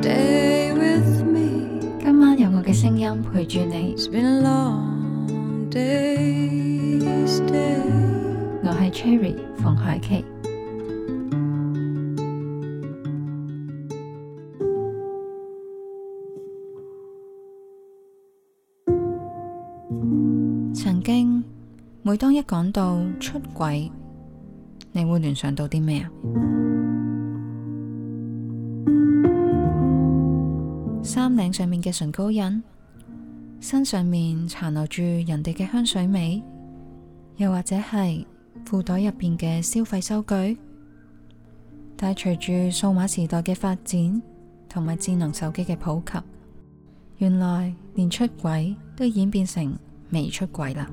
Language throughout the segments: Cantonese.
今晚有我嘅聲音陪住你。我係 Cherry 馮凱淇。曾經，每當一講到出軌，你會聯想到啲咩啊？衫領上面嘅唇膏印，身上面殘留住人哋嘅香水味，又或者係褲袋入邊嘅消費收據。但係隨住數碼時代嘅發展，同埋智能手機嘅普及，原來連出軌都演變成微出軌啦。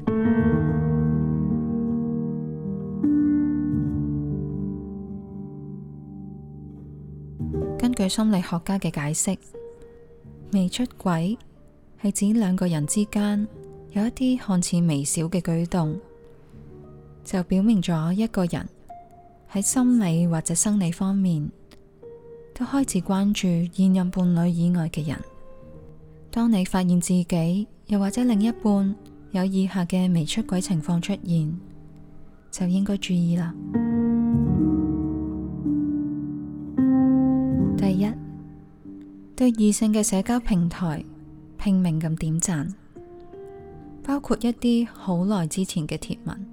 根據心理學家嘅解釋，微出軌係指兩個人之間有一啲看似微小嘅舉動，就表明咗一個人喺心理或者生理方面都開始關注現任伴侶以外嘅人。當你發現自己又或者另一半有以下嘅微出軌情況出現，就應該注意啦。第一。對異性嘅社交平台拼命咁點讚，包括一啲好耐之前嘅貼文，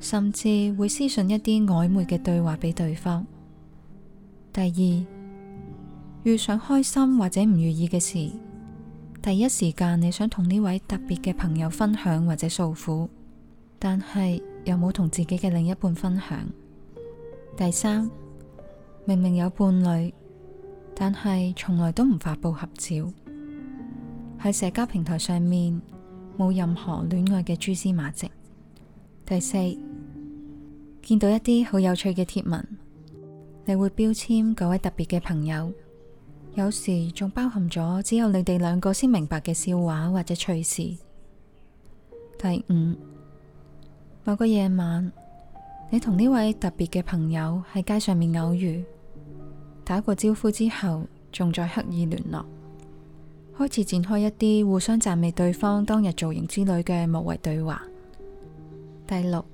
甚至會私信一啲曖昧嘅對話俾對方。第二，遇上開心或者唔如意嘅事，第一時間你想同呢位特別嘅朋友分享或者訴苦，但係又冇同自己嘅另一半分享。第三，明明有伴侶，但係從來都唔發佈合照，喺社交平台上面冇任何戀愛嘅蛛絲馬跡。第四，見到一啲好有趣嘅貼文，你會標籤嗰位特別嘅朋友，有時仲包含咗只有你哋兩個先明白嘅笑話或者趣事。第五，某個夜晚，你同呢位特別嘅朋友喺街上面偶遇。打過招呼之後，仲再刻意聯絡，開始展開一啲互相讚美對方當日造型之類嘅無謂對話。第六，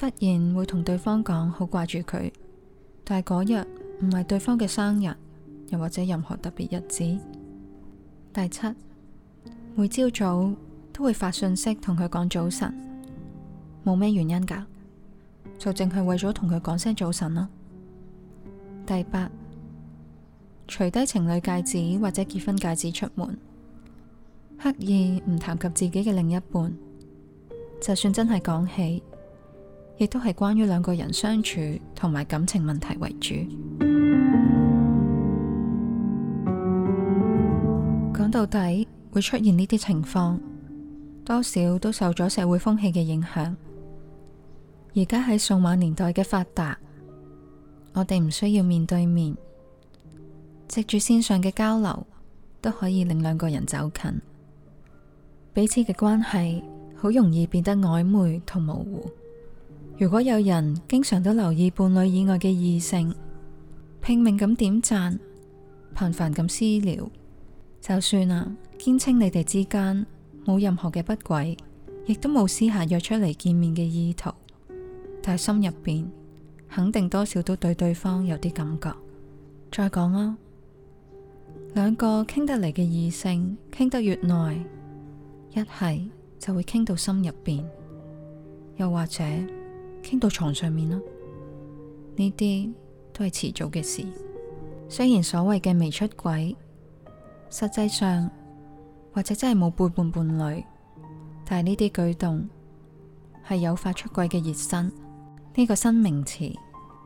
忽然會同對方講好掛住佢，但係嗰日唔係對方嘅生日，又或者任何特別日子。第七，每朝早都會發信息同佢講早晨，冇咩原因噶，就淨係為咗同佢講聲早晨啦。第八，除低情侶戒指或者結婚戒指出門，刻意唔談及自己嘅另一半，就算真係講起，亦都係關於兩個人相處同埋感情問題為主。講 到底會出現呢啲情況，多少都受咗社會風氣嘅影響。而家喺數碼年代嘅發達。我哋唔需要面對面，藉住線上嘅交流都可以令兩個人走近，彼此嘅關係好容易變得曖昧同模糊。如果有人經常都留意伴侶以外嘅異性，拼命咁點讚，頻繁咁私聊，就算啦、啊，堅稱你哋之間冇任何嘅不軌，亦都冇私下約出嚟見面嘅意圖，但係心入邊。肯定多少都對對方有啲感覺，再講啦，兩個傾得嚟嘅異性，傾得越耐，一係就會傾到心入邊，又或者傾到床上面啦，呢啲都係遲早嘅事。雖然所謂嘅微出軌，實際上或者真係冇背叛伴侶，但係呢啲舉動係誘發出軌嘅熱身。呢個新名詞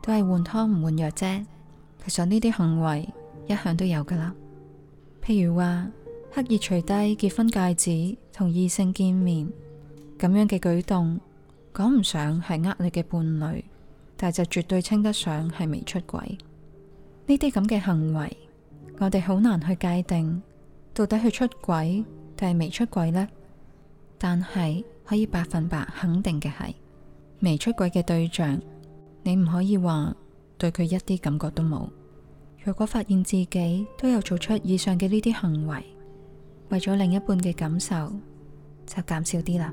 都係換湯唔換藥啫，其實呢啲行為一向都有噶啦。譬如話刻意除低結婚戒指，同異性見面，咁樣嘅舉動，講唔上係呃你嘅伴侶，但就絕對稱得上係微出軌。呢啲咁嘅行為，我哋好難去界定到底佢出軌定係微出軌呢？但係可以百分百肯定嘅係。微出軌嘅對象，你唔可以話對佢一啲感覺都冇。如果發現自己都有做出以上嘅呢啲行為，為咗另一半嘅感受，就減少啲啦。